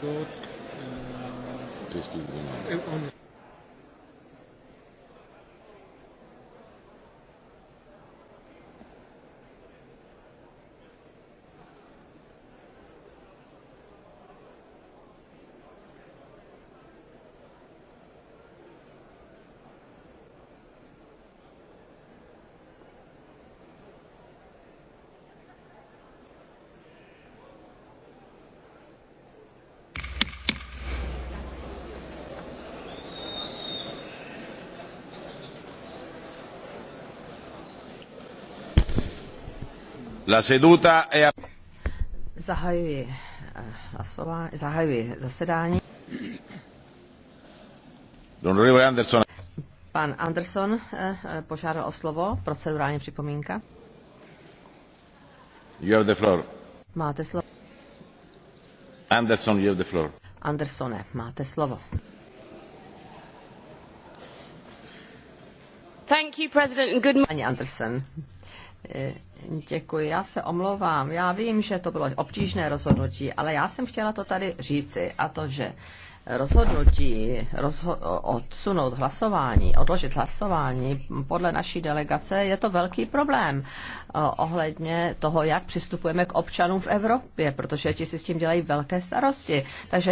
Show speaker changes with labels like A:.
A: Gold. Uh,
B: La seduta è...
C: Zahajuji, eh, hlasová, zahajuji zasedání. Anderson. Pan Anderson eh, eh, požádal o slovo, procedurální připomínka.
A: You have the floor.
C: Máte slovo.
D: Anderson, you have the floor.
C: Andersone, máte slovo. Thank you, President, and good morning. Pani Anderson, Eh, děkuji, já se omlouvám. Já vím, že to bylo obtížné rozhodnutí, ale já jsem chtěla to tady říci a to, že rozhodnutí rozho- odsunout hlasování, odložit hlasování podle naší delegace je to velký problém eh, ohledně toho, jak přistupujeme k občanům v Evropě, protože ti si s tím dělají velké starosti. Takže